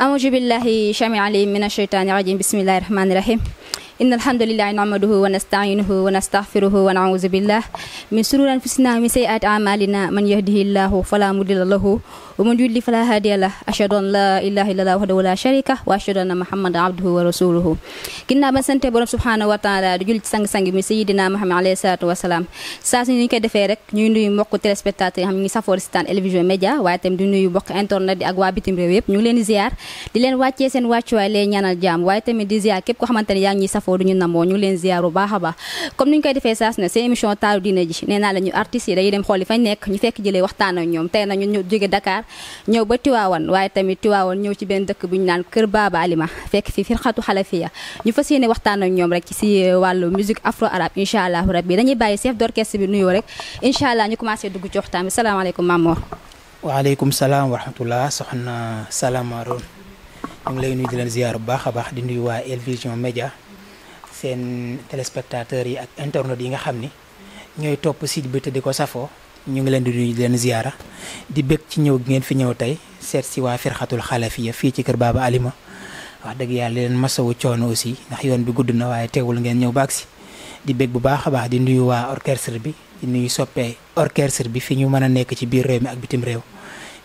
أعوذ بالله شامع عليم من الشيطان الرجيم بسم الله الرحمن الرحيم إن الحمد لله نعمده ونستعينه ونستغفره ونعوذ بالله من شرور أنفسنا ومن سيئات أعمالنا من يهده الله فلا مضل له ومن يضلل فلا هادي له أشهد أن لا إله إلا الله وحده لا شريك له وأشهد أن محمدا عبده ورسوله ginnaaw ba sante borom subhanahu wa taala di jul ci sang-sang mi sayidina Muhammad alayhi salaatu wasalaam saa su ñu koy defee rek ñuy nuyu mbokk téléspectateurs yi xam ñu ngi safoo sitaan Elvision Média waaye tam di nuyu mbokk internet yi ak waa bitim réew yëpp ñu ngi leen di ziar di leen wàccee seen wàccuwaay leen ñaanal jàmm waaye tamit di ziar képp ko xamante ne yaa ngi ñuy safoo foofu duñu namoo ñu ngi leen ziar bu baax a baax comme niñ koy defee saa su ne seen émission taaru diine ji nee naa la ñu artistes yi dañuy dem xool fañ nekk ñu fekk jëlee waxtaan ak ñoom tey nañu ñu jóge Dakar ñëw ba Tiwaawan waaye tamit Tiwaawan ñëw ci benn dëkk bu naan Kër Baaba Alima fekk fi firxatu xalafiya ñu fas yéene waxtaan ak ñoom rek ci si wàllu musique afro arab inshallah allahu rabbi dañuy bàyyi chef d'orchestre bi nuyoo rek incha allah ñu commencé dugg ci waxtaan bi salaamaaleykum Mamor waaleykum salaam wa rahmatullah soxna Salam Aroun ñu ngi lay nuyu di leen ziar bu baax a baax di nuyu waa El Vision Média sen téléspectateurs yi ak internautes yi nga xamni ñoy top site bi te di safo ñu ngi leen di nuyu di leen ziyaara di bekk ci ñew gi ngeen fi ñew tay set ci wa firhatul xalafiya fi ci kër Baba Alima wax deug yalla leen masawu coono aussi ndax yoon bi gudduna waye waaye teewul ngeen ñew baag si di bekk bu baaxa baax di nuyu wa orchestre bi di nuyu soppee orchestre bi fi ñu mëna nekk ci biir réew mi ak bitim réew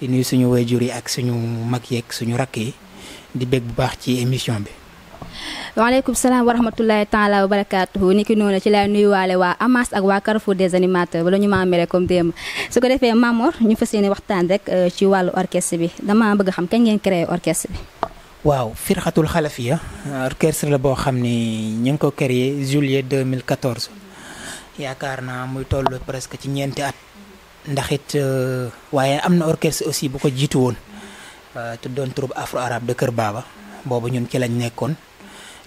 di nuyu suñu wayjuri ak suñu mag yek suñu rakki di bekk bu baax ci émission bi waaleykum salaam wa rahmatullahi taala wa barakaatuhu ni ki noonu ci laay waale waa Amas ak waa Carrefour des animateurs bala ñu maa mere comme démb su ko defee Mamor ñu fas yéene waxtaan rek euh, ci wàllu orchestre bi dama bëgg xam kañ ngeen créé orchestre bi. waaw firxatul xalafiya ah, orchestre la boo xam ni ñu ngi ko créé juillet 2014 yaakaar naa muy toll presque ci ñeenti at. ndax it euh, waaye am na orchestre aussi bu ko jiitu woon euh, tuddoon troupe afro arabe Kër Baaba boobu ñun ci lañ nekkoon.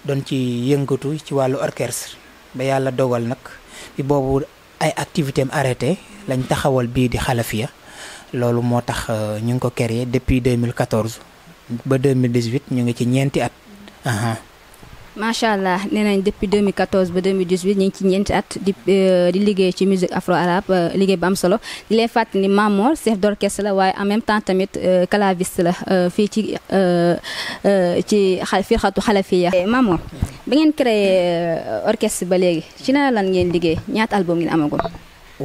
doon ci yëngatu ci wàllu orchestre ba yàlla dogal nag bi boobu ay activité am arrêté lañ taxawal bii di xalafiya loolu moo tax euh, ñu ngi ko créé depuis deux mille 2014 ba 2018 ñu ngi ci ñeenti at. macha allah depuis 2014 ba 2018 ñu ngi ci ñeenti at di di liggéey ci musique afro arabe liggéey bu am solo di leen fàttali ni Mamor chef d'orchestre la waaye en même temps tamit claviste la fii ci ci firxatu xalafiya Mamor ba ngeen créé orchestre ba léegi ci na lan ngeen liggéey ñaata album ngeen amagul.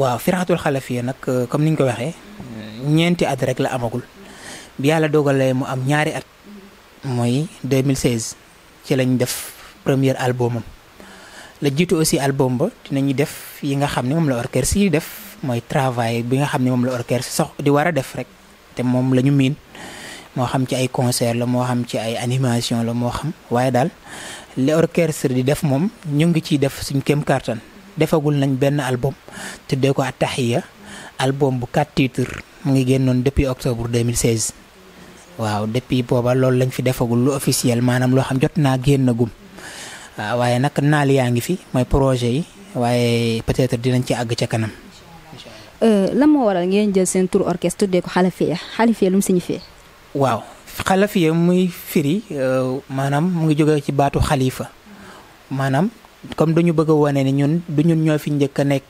waaw firxatul xalafiya nag comme ni ñu ko waxee ñeenti at rek la amagul bi yàlla dogalee mu am ñaari at mooy 2016 ci lañ def. premier album. la jitu aussi album ba dinañu def yi nga xamni mom la orchestre yi def moy travail bi nga xamni mom la orchestre sax di wara def rek te mom lañu min mo xam ci ay concert la mo xam ci ay animation la mo xam waye dal, le orchestre di def mom ñu ngi ci def suñu kem carton defagul nañ ben album tuddé ko attahiya album bu 4 titres mu ngi gennon depuis octobre 2016 waaw depuis boba lool lañ fi defagul lu officiel manam lo xam jotna gennagum Ah, waaye nag naal yaa ngi fi mooy projet yi waaye peut-être dinañ ci àgg ca kanam. Euh, lan moo waral ngeen jël seen tour orchestre tuddee ko xalafiya xalafiya lu mu signifié. waaw xalafiya muy firi euh, maanaam mu ngi jóge ci baatu xalifa maanaam comme duñu bëgg a wane ni ñun du ñun ñoo fi njëkk a nekk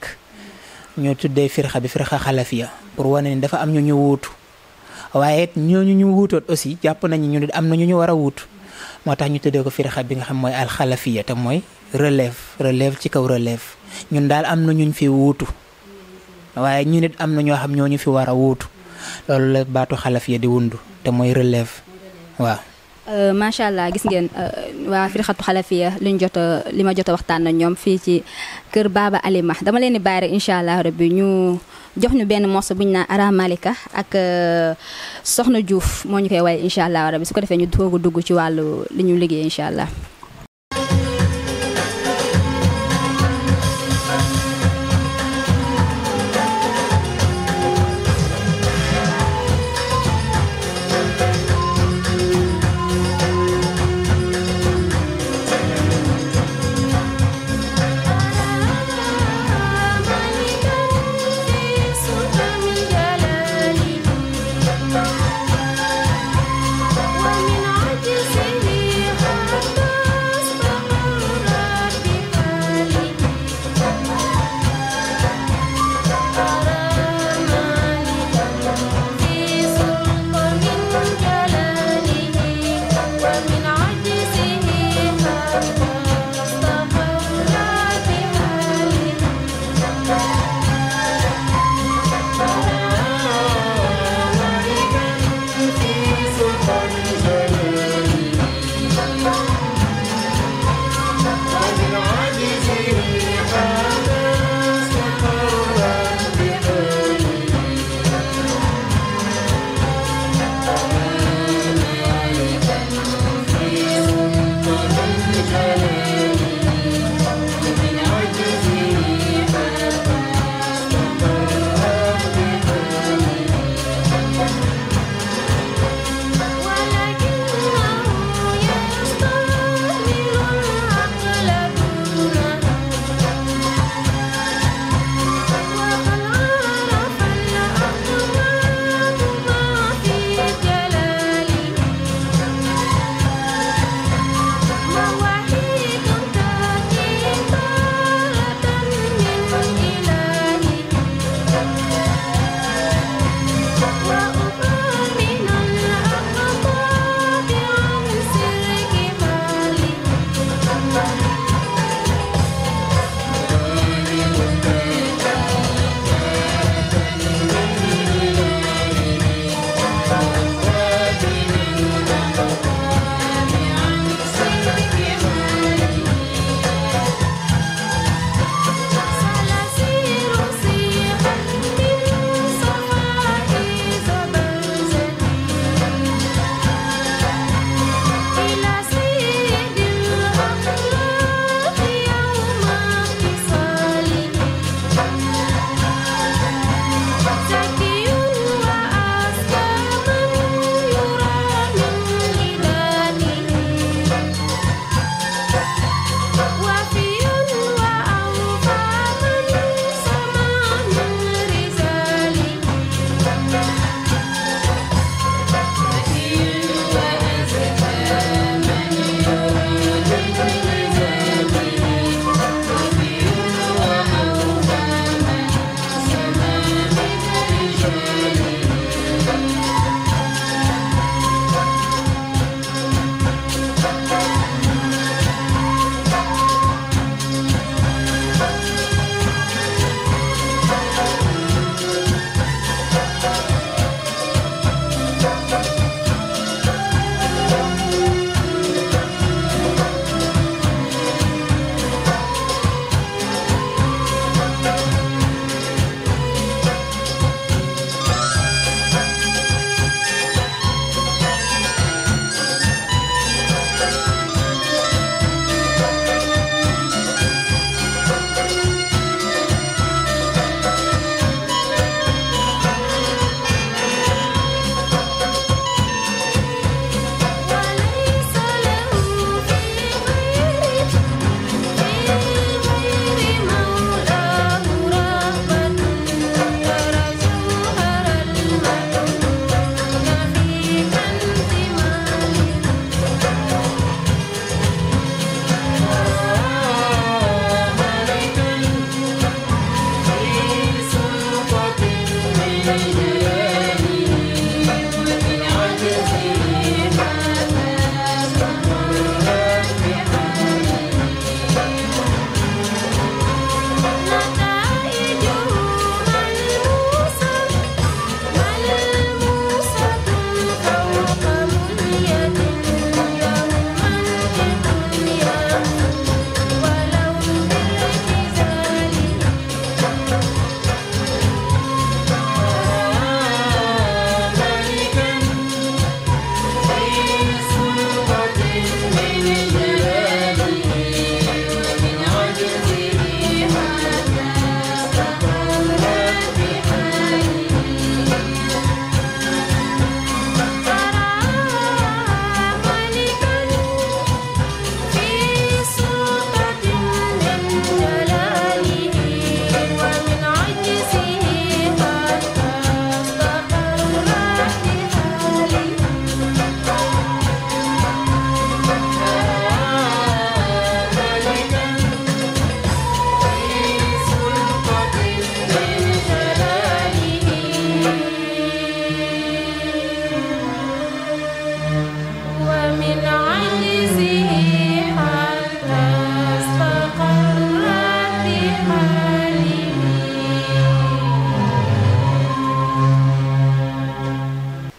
ñu tuddee firxa bi firxa xalafiya pour wane ni dafa am ñu ñu wuutu waaye it ñooñu ñu wuutoot aussi jàpp nañu ñu am na ñu ñu war a wuutu. moo tax ñu tëddee ko firxa bi nga xam mooy alxalafiya te mooy relève relève ci kaw relève ñun daal am na ñuñ fi wuutu waaye ñu nit am na ñoo xam ñoo ñu fi war a wuutu loolu la baatu xalafiya di wundu te mooy relève waaw. Euh, macha allah gis ngeen euh, waa firxatu xalafiya liñ jot a li ma jot a waxtaan na ñoom fii ci kër baaba Alima dama leen di bàyyi rek incha allah rabbi ñu. jox ñu benn morceau bu ñu naan Ara Malika ak euh, Soxna Diouf moo ñu koy way incha allah rabi su ko defee ñu doog a dugg ci wàllu li ñu liggéey incha allah.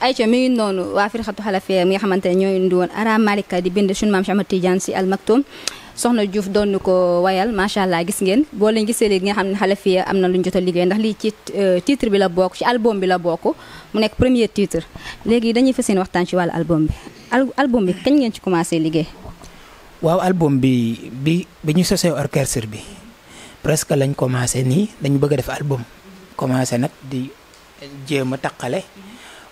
ayca mi ngi noonu waa firxatu xalafiya mi nga xamante ne ñoo woon ara malika di bind suñu maam Cheikh si al maktum soxna Diouf doon ko wayal macha allah gis ngeen boo leen gisee léegi nga xam ne xalafiya am na ndax lii ci titre bi la bokk ci album bi la bokk mu nekk premier titre léegi dañuy fas yéene waxtaan ci wàllu album bi album bi kañ ngeen ci commencé liggéey. waaw album bi bi bi ñu sosee orchestre bi presque lañ commencé nii dañu bëgg a def album commencé nag di jéem a taqale.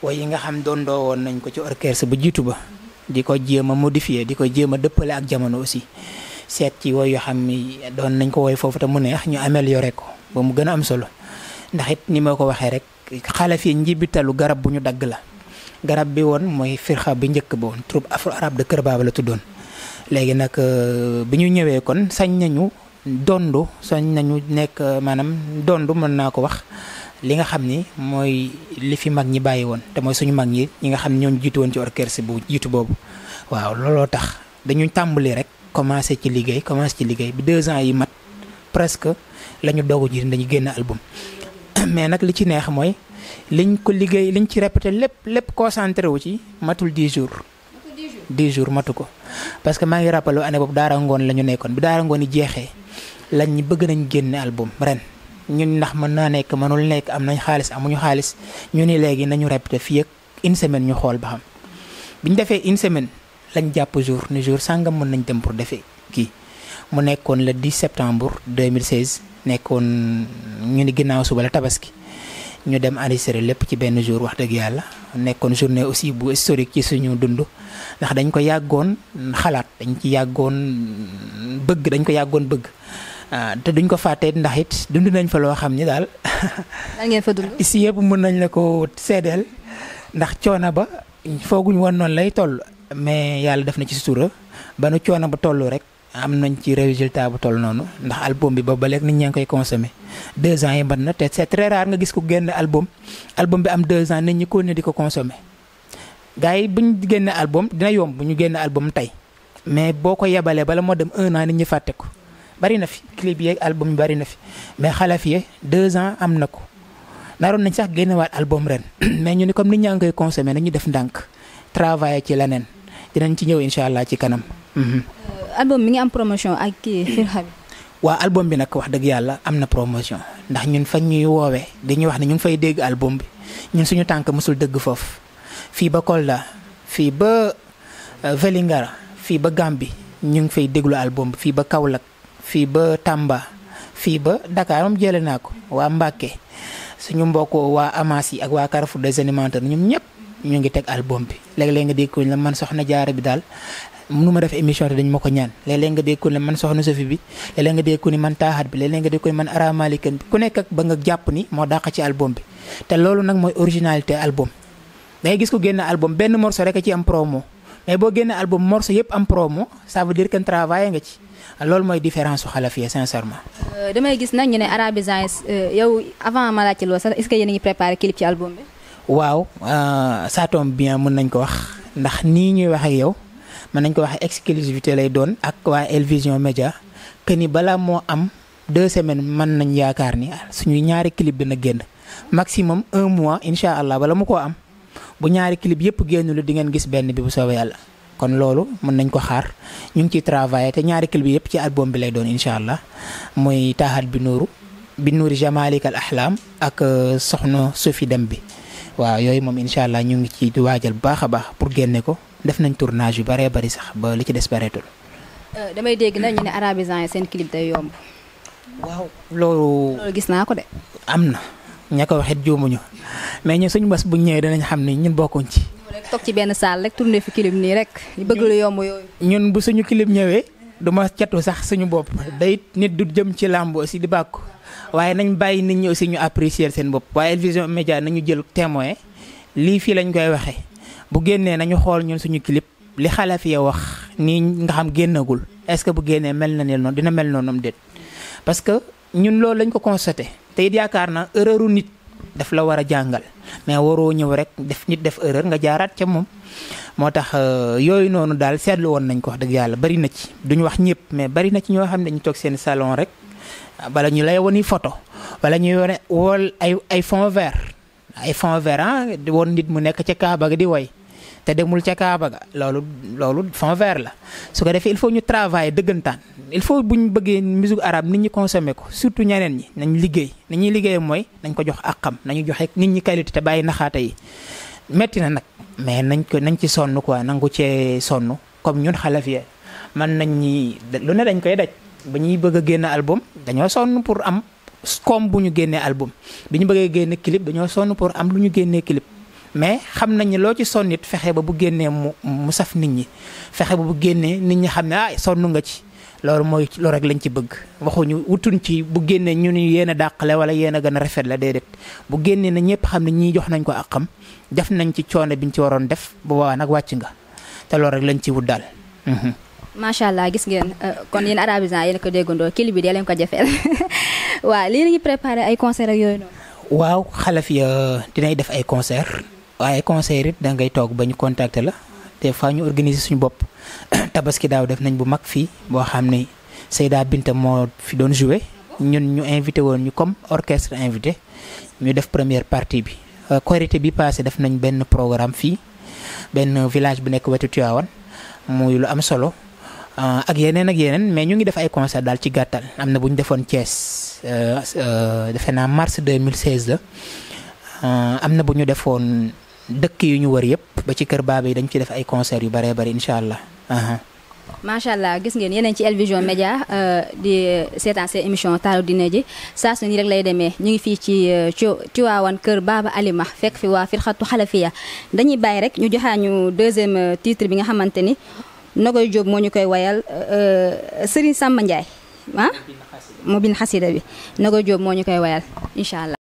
way yi nga xam doon doo woon nañ ko ci orchestre bu jiitu ba di ko jéem a modifier di ko jéem a dëppale ak jamono aussi seet ci woy yoo xam ni doon nañ ko woy foofu te mu neex ñu amélioré ko ba mu gën a am solo ndax it ni ma ko waxee rek xalaf yi njibitalu garab bu ñu dagg la garab bi woon mooy firxa bi njëkk ba woon troupe afro arabe de Kër Baaba la tuddoon léegi nag euh, bi ñu ñëwee kon sañ nañu dondu soñ nañu nekk maanaam dondu mën naa ko wax li nga xam ni mooy li fi mag ñi bàyyi woon te mooy suñu mag ñi ñi nga xam ne ñoo jiitu woon ci orchestre bu jiitu boobu waaw looloo tax dañu tàmbali rek commencé ci liggéey commencé ci liggéey bi deux ans yi mat presque la ñu doog a jiitu dañu génn album mais nag li ci neex mooy liñ ko liggéey liñ ci répété lépp lépp concentré wu ci matul dix jours. dix jours matu ko parce que maa ngi rappelé année boobu daara ngoon ñu nekkoon bi daara ngoon yi jeexee. lañ ñi bëgg nañ génne album ren ñun ndax mën naa nekk mënul nekk am nañ xaalis amuñu xaalis ñu ni léegi nañu répété fii ak une semaine ñu xool ba xam ñu defee une semaine lañ jàpp jour ni jour sàngam mën nañ dem pour defee kii mu nekkoon le di septembre 2016 nekkoon ñu ni ginnaaw suba la tabaski ñu dem enregistré lépp ci benn jour wax dëgg yàlla nekkoon journée aussi bu historique ci suñu dund ndax dañ ko yàggoon xalaat dañ ci yàggoon bëgg dañ ko yàggoon bëgg Ah, te duñ ko fàtte ndax it dund nañ fa loo xam ni daal. lan ngeen fa mën nañ la ko seedeel ndax coono ba fooguñ woon noonu lay toll mais yàlla def na ci sutura ba nu coono ba toll rek am nañ ci résultat bu toll noonu ndax album bi ba ba léegi nit ñaa ngi koy consommé deux ans yi mën na te c'est très rare nga gis ko génn album album bi am deux ans nit ñi ko ne di ko consommé gars yi buñ génne album dina yomb bu ñu génne album tey mais boo ko yebalee bala moo dem un an nit fàtte ko. bari na fi clip yeeg album yi bari na fi mais xalafiye deux ans am na ko naroon nañ sax génnewaat album ren mais ñu ni comme ni ñu ngi koy consommé nañu def ndànk travailler ci leneen dinañ ci ñëw incha allah ci kanam. Mhm. Euh, album mi ngi am promotion ak kii bi. waa album bi nag wax dëgg yàlla am na promotion ndax ñun fañ ñuy woowee dañuy wax ne ñu ngi fay dégg album bi ñun suñu tànk mosul dëgg foofu fii ba Kolda fii ba euh, Vélingara fii ba Gambie ñu ngi fay déglu album bi fii ba kaw Kaolack fii ba Tamba fii ba Dakar moom jëlee naa ko waa Mbacke suñu mbokk waa Amas yi ak waa Carrefour des animateurs ñoom ñëpp ñu ngi teg album bi léeg-léeg nga dégg la man soxna jaara bi daal mënu ma def émission te dañ ma ko ñaan léeg-léeg nga dégg man soxna Sofi bi léeg-léeg nga dégg ne man taaxaat bi léeg-léeg nga ko ne man aramalikan bi ku nekk ak ba nga jàpp ni moo dàq ci album bi te loolu nag mooy originalité album dangay gis ko génn album benn morceau rek a ci am promo. mais boo génnee album morceau yëpp am promo ça veut dire que travaillé nga ci loolu mooy différence su xalafiya sincèrement. Euh, damay gis nag ñu ne arabisant euh, yow avant ma laajte loolu sax est-ce que yéen ngi préparé clip ci album bi. waaw euh, ça tombe bien mën nañ ko wax ndax nii ñuy wax ak yow mën nañ ko waxee wax exclusivité lay doon ak waa Elvision Média que ni balaa moo am deux semaines mën nañ yaakaar ni ah, suñuy ñaari clip dina génn maximum un mois incha allah bala mu ko am. bu ñaari clip yépp génnul di ngeen gis benn bi bu soobee yàlla kon loolu mën nañ ko xaar ñu ngi ciy travailler te ñaari clip yépp ci album bi lay doon incha allah muy bi nuuru bi nuuri jamalik al ahlam ak euh, soxna sufi dem bi waaw yooyu moom incha allah ñu ngi ci waajal baax a baax pour génne ko def nañ tournage yu bare bari sax ba li ci des bareetul euh, damay dégg na ñu ne arabisan yi clip day yomb waaw loolu gis naa ko de am ña ko waxit juumuñu mais ñun suñu bés bu ñu ñëwee danañ xam ni ñun bokkuñ ci. toog ci benn saal rek tourné fi clip nii rek. bëgg lu yomb yooyu. ñun bu suñu clip ñëwee du ma catu sax suñu bopp day nit du jëm ci làmb aussi di bàkk waaye nañ bàyyi nit ñëw si ñu apprécier seen bopp waaye Vision Médias nañu jël témoin lii fii lañu koy waxee bu génnee nañu xool ñun suñu clip li xale fi wax nii nga xam génnagul est-ce que bu génnee mel na ne noonu dina mel noonu am déet parce que ñun loolu lañ ko constaté. te it yaakaar naa erreur nit daf la war a jàngal mais waroo ñëw rek def nit def erreur nga jaaraat ca moom. moo tax euh, yooyu noonu daal seetlu woon nañ ko dëgg yàlla bari na ci duñu wax ñëpp mais bari na ci ñoo xam ne dañu toog seen salon rek bala ñu lay woni photo wala ñuy wone wool ay ay fond vert ay fond vert ah woon nit mu nekk ca Kaaba gi di woy te demul ca Kaaba ga loolu loolu fond vert la su ko defee il faut ñu travailler dëggantaan il faut bu ñu bëggee musique arabe nit ñi consommer ko surtout ñeneen ñi nañ liggéey ni ñuy liggéey mooy nañ ko jox àqam nañu joxe nit ñi qualité te bàyyi naxaate yi metti na nag mais nañ ko nañ ci sonn quoi nangu cee sonn comme ñun xalafiyee man nañ ñi lu ne dañ koy daj ba ñuy bëgg a génn album dañoo sonn pour am comme bu ñu génnee album bu ñu bëggee génn clip dañoo sonn pour am lu ñu génnee clip mais xam nañ ne loo ci sonn it fexe ba bu génnee mu mu saf nit ñi fexe ba bu génnee nit ñi xam ne ah sonn nga ci loolu mooy loolu rek lañ ci bëgg waxuñu wutuñ ci bu génnee ñu ni yéen a dàqale wala yéen a gën a rafet la bu génnee na ñëpp xam ne ñii jox nañ ko àqam def nañ ci coono biñ ci waroon def bu boobaa nag wàcc nga te loolu lañ ci wut daal. Mhm. macha allah gis ngeen euh, kon yéen arabisant yéen ko déggandoo kili bi dee leen ko jafeel waaw lii ngi préparé ay concert ak yooyu noonu. waaw xalaf ya dinay def ay concert waaye conseil it da ngay toog bañu ñu contacter la des fois ñu organiser suñu bopp tabaski daaw def nañ bu mag fii boo xam ne Seyda Binta moo fi doon jouer ñun ñu invité woon ñu comme orchestre invité ñu def première partie bi euh, korité bi passé def nañ benn programme fii benn village bu nekk wetu Tivaouane muy lu am solo euh, ak yeneen ak yeneen mais ñu ngi def ay concert daal ci gàttal am na bu Thiès euh, defe naa mars 2016 la am na bu ñu defoon dëkk yi ñu wër yëpp ba ci kër baaba yi dañ ci def ay concert yu bare bëri incha allah. macha allah gis ngeen yeneen ci El Vision Média euh, di seetaan seen émission taaru dina ji saa su nii rek lay demee ñu ngi fii ci ci euh, Tiwaawan kër Baba Alima fekk fi waa firxatu xalafiya dañuy bàyyi rek ñu joxa ñu deuxième euh, titre bi nga xamante ni Nogoy Diop moo ñu koy wayal Serigne Samba Ndiaye ah. mu bin xasida bi Nogoy Diop moo ñu koy wayal incha allah.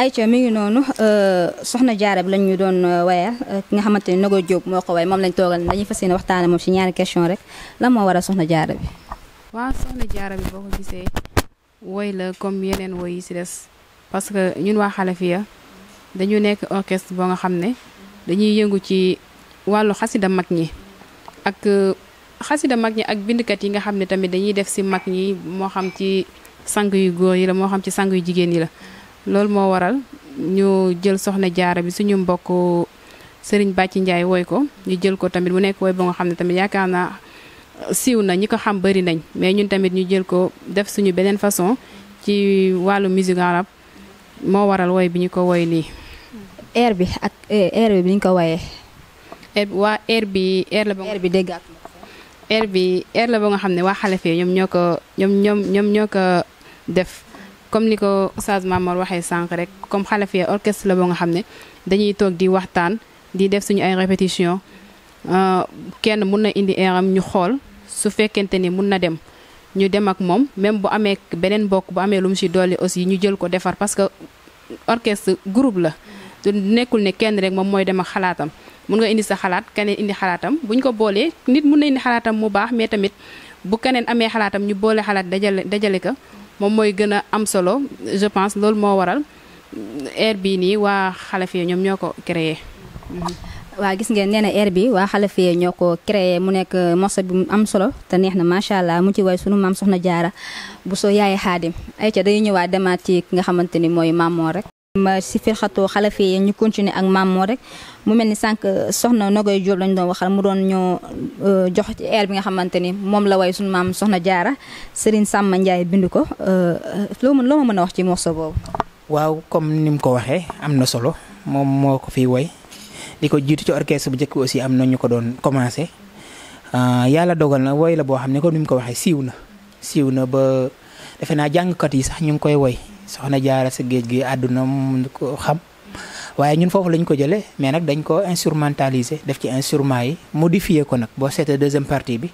ayca mi ngi noonu euh, soxna jaarab lañ ñu doon euh, wayal euh, ki nga xamante ni Nogo Diop moo ko way moom lañ toogal dañuy fas yéene waxtaane moom ci ñaari question rek lan moo waral soxna jaara bi waaw soxna jaara bi boo ko gisee woy la comme yeneen woy yi ci des parce que ñun waa Xalafiya dañu nekk orchestre boo nga xam ne dañuy yëngu ci wàllu xasida mag ñi ak xasida mag ñi ak bindkat yi nga xam ne tamit dañuy def ci mag ñi moo xam ci sang yu góor yi la moo xam ci sang yu jigéen yi la loolu moo waral ñu jël soxna jaara bi suñu mbokk Serigne Bàcci Ndiaye woy ko ñu jël ko tamit mu nekk woy ba nga xam ne tamit yaakaar naa euh, siiw na ñi ko xam bari nañ mais ñun tamit ñu jël ko def suñu beneen façon ci wàllu musique arab moo waral woy bi ñu ko woy nii. air bi ak eh, air bi ñu ko woyee. air bi waa air bi air la ba air bi dégg air bi air la ba nga xam ne waa xale fee ñoom ñoo ko ñoom ñoom ñoom ñoo ko def. comme ni ko Oustaz Mamor waxee sànq rek comme Halafiya orchestre la boo nga xam ne dañuy toog di waxtaan di def suñu ay répétition euh, kenn mun na indi eeram ñu xool su fekkente ni mun na dem ñu dem ak moom même bu amee beneen mbokk bu amee lu mu si dolli aussi ñu jël ko defar parce que orchestre groupe la du nekkul ne kenn rek moom mooy dem ak xalaatam mun nga indi sa xalaat keneen indi xalaatam buñ ko boolee nit mun na indi xalaatam mu baax mais tamit bu keneen amee xalaatam ñu boole xalaat dajale dajale ko moom mooy gën a am solo je pense loolu moo waral air bii nii waa Xalafiya ñoom ñoo ko créé. waa gis ngeen nee na air bi waa Xalafiya ñoo ko créé mu nekk morceau bi am solo te neex na macha allah mu ci way sunu maam soxna jaara bu soo yaay xaadim ayca day ñëwaat demaat ci ki nga xamante ni mooy Mamor rek. ma si fi xatoo xalafe yi ñu continuer ak maam moo rek mu mel ni sànq soxna Nogoy Jóob lañ doon waxal mu doon ñoo euh, jox ci air bi nga xamante ni moom la way suñu maam soxna jaara Serigne Samba Ndiaye bind ko euh, loo mën loo ma mën a wax ci morceau boobu waaw comme ni mu ko waxee am na solo moom moo ko fi woy li ko jiitu ci orchestre bu njëkk aussi am na ñu ko doon commencé euh, yàlla dogal na woy la boo xam ne ko ni mu ko waxee siiw na siiw na ba defe naa jàngkat yi sax ñu ngi koy woy soxna jaara sa géej gi àdduna mun ko xam waaye ñun foofu lañ ko jëlee mais nag dañ ko instrumentaliser def ci instrument yi modifier ko nag boo seetee deuxième partie bi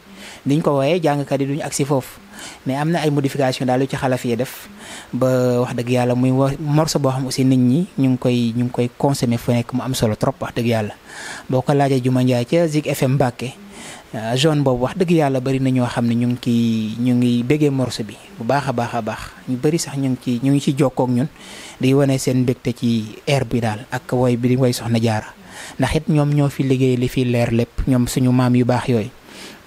niñ ko wooyee jàngkat yi ak si foofu mais am na ay modification daal lu ci xalaf yi def ba wax dëgg yàlla muy morceau boo xam aussi nit ñi ñu ngi koy ñu ngi koy consommer fu nekk mu am solo trop wax dëgg yàlla boo ko laajee Juma Njaay ca Zik FM Mbàkke zone euh, bobu wax deug yalla bari na ñoo xamni ñu ngi ki ñu ngi béggee morse bi bu baaxa baaxa baax ñu bari sax ñu ngi ci ñu ngi ci ak ñun di wane seen mbégte ci air bi dal ak way bi di woy soxna jaara ndax it ñom ñoo fi liggéey li fi leer lepp ñom suñu maam yu baax yoy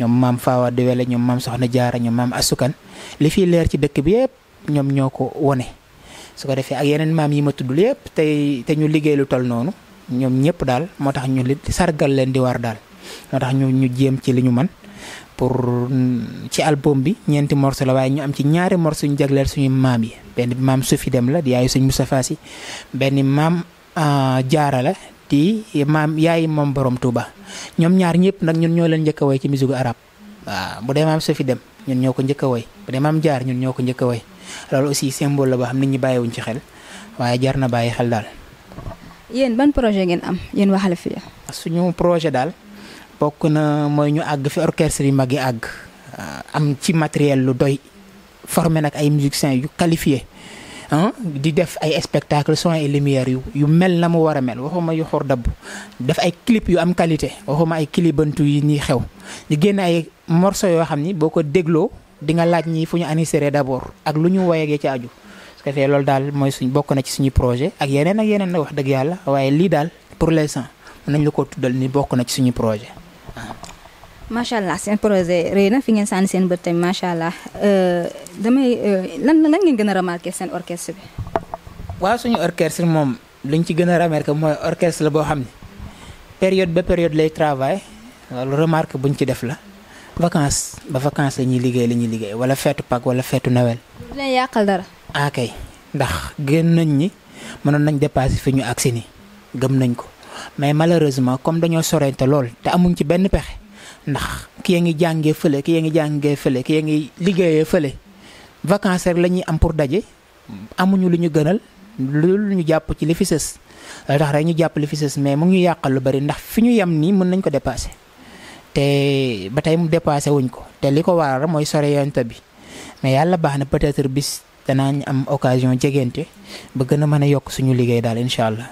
ñom maam faawa de wélé ñom maam soxna jaara ñom maam asukan li fi leer ci dëkk bi yépp ñom ñoo ko wone su ko defee ak yenen maam yi ma tuddul yépp tey te ñu liggéey lu tol nonu ñom ñëpp dal motax ñu sargal leen di war dal ndax ñu ñu jëm ci liñu man pour mm, ci album bi ñenti morceau la way ñu am ci ñaari morceau ñu jaglel suñu mam yi benn mam sufi dem la di ayu suñ Moustapha si benn a ah, jaara la di mam yai mom borom Touba ñom ñaar ñëpp nak ñun ñoo leen njëkk way ci musique arab waaw bu dee mam sufi dem ñun ñoko ko way bu dee mam jaar ñun ñoko ko way a aussi symbole la ba xam nit ñi bàyyiwuñ ci xel waye jaar na bàyyi xel dal yeen ban projet ngeen am yeen waxal fi suñu projet dal bokk na mooy ñu àgg fi orchestre yi mag yi àgg euh, am ci matériel lu doy formé nag ay musiciens yu qualifié di def ay spectacle son et lumière yu yu mel na mu war a mel waxuma yu xor dabb def ay clip yu am qualité waxuma ay kilibantu yi ñuy xew di génn ay morceaux yoo xam ni boo ko dégloo di nga laaj ñi fu ñu aniséré d'abord ak lu ñu woyegee ci aju parce que fee loolu daal mooy suñ bokk na ci suñu projet ak yeneen ak yeneen na wax dëgg yàlla waaye lii daal pour l'instant mën nañ la ko tuddal ni bokk na ci suñu projet macha allah seen projet reyna na fi ngeen san sen bët tamit macha euh damay lan lan ngeen gëna remarquer sen orchestre bi. wa suñu orchestre mom luñ ci gëna a moy orchestre la bo xamni période ba période lay travail loolu remarque buñ ci def la vacances ba vacances lañu liggéey lañu liggéey wala fête Pâques wala fête Noël. du yaqal dara. ah kay ndax gën nañ ni mënon nañ dépasser fi ñu agsi gëm nañ ko. mais malheureusement comme dañoo sorente lool te amuñ ci benn pexe ndax ki ya ngi jàngee fële ki ya ngi jàngee fële ki ya ngi liggéeyee fële vacances rek la ñuy am pour daje amuñu lu ñu gënal lu ñu jàpp ci li fi sës rek ñu jàpp li fi sës mais mu ñu yàqal lu bari ndax fi ñu yem nii mën nañ ko dépassé te ba tey mu dépassé wuñ ko te li ko waral mooy soreyante bi mais yàlla baax na peut-être bis danaañ am occasion jegente ba gën a mën a yokk suñu liggéey daal incha allah.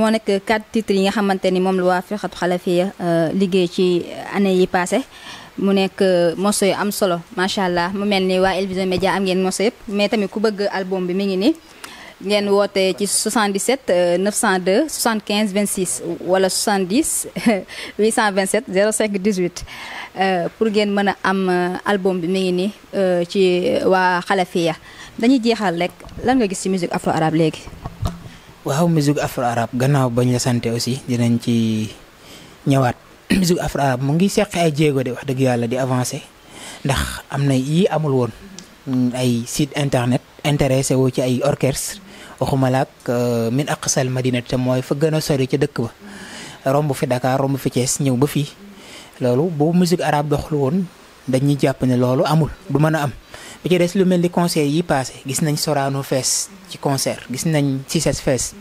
moo nekk quatre titres yi nga xamante ni moom la waa Firqatu Xalafiya euh, liggéey ci année yi passé mu nekk euh, morceau yu am solo macha allah mu mel ni waa Elvision Média am ngeen morceau yëpp mais tamit ku bëgg album bi mu ngi nii ngeen woote ci 77 902 75 26 wala 70 827 05 18 pour ngeen mën a am euh, album bi mi ngi nii ci waa Xalafiya dañuy jeexal rek lan nga gis ci musique afro arabe léegi. waaw musique afro arabe gannaaw bañ la sante aussi dinañ ci ñëwaat musique afro arabe mu ngi seq ay jéego de wax dëgg yàlla di avancé ndax am na yii amul woon mm, ay site internet intéressé wu ci ay orchestre waxumala ak euh, min aqsal madina te mooy fa gën a sori ca dëkk ba romb fi Dakar romb fi Thiès ñëw ba fii loolu bu musique arabe doxul woon dañuy jàpp ne loolu amul du mën a am bu ci des lu mel ni concert yi passé gis nañ Sorano fees ci concert gis nañ Cissesse fees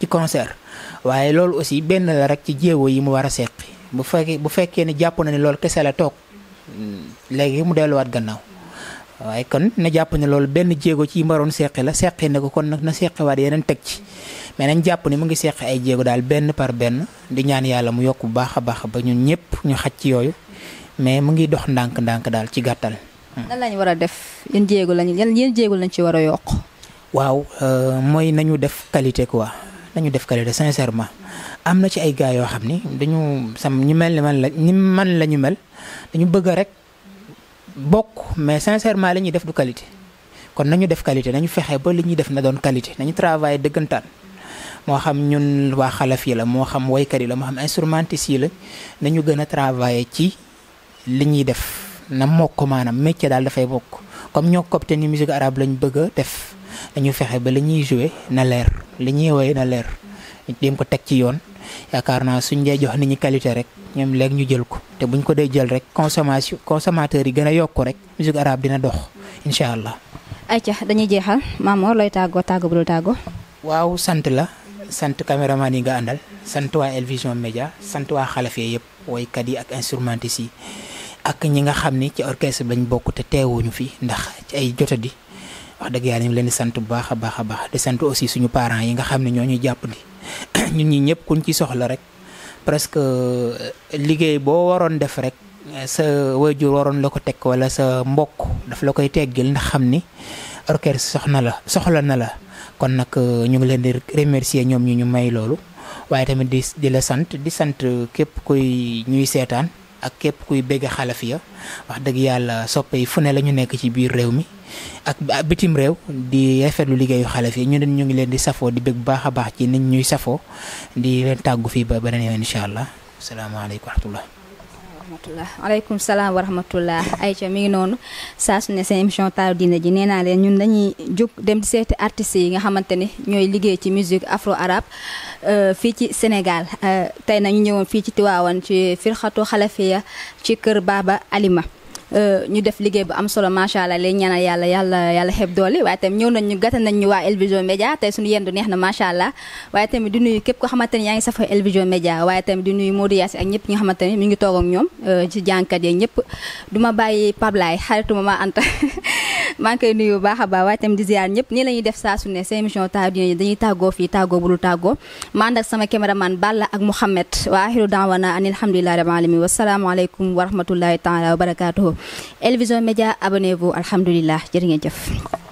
ci concert waaye loolu aussi benn la rek ci jéego yi mu war a seq bu fekkee bu fekkee ne jàpp na ne loolu kese la toog mm, léegi mu delluwaat gannaaw waaye kon na jàpp ne loolu benn jéego ci mbaroon seqi la seqi na ko kon nag na seqiwaat yeneen teg ci mais nañ jàpp ni mu ngi seq ay jéego daal benn par benn di ñaan yàlla mu yokk bu baax a baax ba ñun ñëpp ñu xaj ci yooyu mais mu ngi dox ndànk-ndànk daal ci gàttal. nan lañ war a def yéen jéego lañ yan yéen lañ ci war a yokk. waaw euh, mooy nañu def qualité quoi nañu def qualité sincèrement am na ci ay gars yoo xam ni dañu sam ñu mel ni man la ni man la ñu mel dañu bëgg rek bokk mais sincèrement la ñuy def du qualité. kon nañu def qualité nañu fexe ba li ñuy def na doon qualité nañu travail dëggantaan moo xam ñun waa xalaf yi la moo xam waykat yi la moo xam instrumentiste yi la nañu gën a travailler ci li ñuy def. na mokk maanaam métier daal dafay bokk comme ñoo copte ni musique arabe lañ bëgg a def dañu fexe ba li ñuy joué na leer li ñuy woy na leer dem ko teg ci yoon yaakaar naa suñ dee jox ni ñi qualité rek ñoom léegi ñu jël ko te buñ ko dee jël rek consommation consommateur yi gën a yokku rek musique arabe dina dox incha allah. ayca dañuy jeexal Mamor looy tàggoo tàggoo bu dul tàggoo. waaw sant la sant caméraman yi nga àndal sant waa Elvision Média sant waa xalafe yëpp woykat yi ak instrumentistes yi. ak ñi nga xamni ni ci orchestre bi lañ bokk te teewuñu fi ndax ci ay jotadi wax dëgg yaani ñu leen di sant bu baaxa baaxa baax di sant aussi suñu parents yi nga xamni ñoo ñuy jàpp ni ñun ñi ñëpp kuñ ci soxla rek presque euh, liggéey bo waron def rek euh, sa wajur waron lako tek wala sa mbokk daf la koy teggil ndax xamni ni orchestre soxna la soxla na la kon nak euh, ñu ngi leen di remercier ñom ñu ñu may lolu waye tamit di di la sant di sant kep koy ñuy sétane ak képp kuy bëgg bégg ya wax dëgg yàlla soppe yi fu ne la ñu nekk ci biir réew mi ak bitim réew di rafetlu liggéeyu xalafiya ñu leen ñu ngi leen di safoo di bég bu baax a baax ci nit ñuy safoo di leen tàggu fii ba beneen yoon incha allah salaamaaleykum wa rahmatullah rahmatullah aleykum salaam wa ay ayca mi ngi noonu saa su ne seen émission taaru diine ji nee naa leen ñun dañuy jóg dem di seeti artistes yi nga xamante ne ñooy liggéey ci musique afro arabe euh, fii ci Sénégal euh, tey nañu ñëwoon fii ci Tiwaawan ci firxatu xalafiya ci kër Baba Alima Euh, ñu def liggéey bu am solo macha allah lay ñaanal yàlla yàlla yàlla xeeb doole waaye tamit ñëw nañ ñu gàttal nañ ñu waa El Vision Média tey suñu yendu neex na macha allah waaye tamit di nuyu képp ko xamante ni yaa ngi safa El Vision Média waaye tamit di nuyu Modou Yassi ak ñëpp ngi toog ak ñoom euh, ci jànkat yeeg ñëpp du ma bàyyi Pablaay xaritu ma maa Anta maa ngi koy nuyu bu baax a baax waaye tamit di ziar ñëpp nii lañuy def saa su ne seen émission taaru diine dañuy tàggoo fii tàggoo bu dul tàggoo ma ànd ak sama caméraman Balla ak Mouhamed wa axiru daawana an alhamdulilahi rabbil alamin wasalaamualeykum wa rahmatullahi taala wa El Vision Médias abonnez-vous alhamdulilah jërë ngeen jëf.